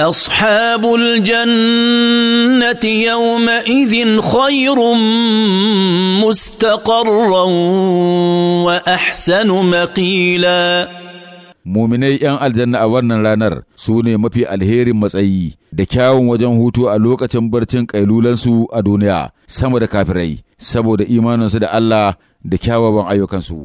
اصحاب الجنه يومئذ خير مستقرا واحسن مقيلا muminai 'yan aljanna a wannan ranar su ne mafi alherin matsayi da kyawun wajen hutu a lokacin barcin ƙailulansu a duniya sama da kafirai saboda imaninsu da Allah da kyawawan ayyukansu.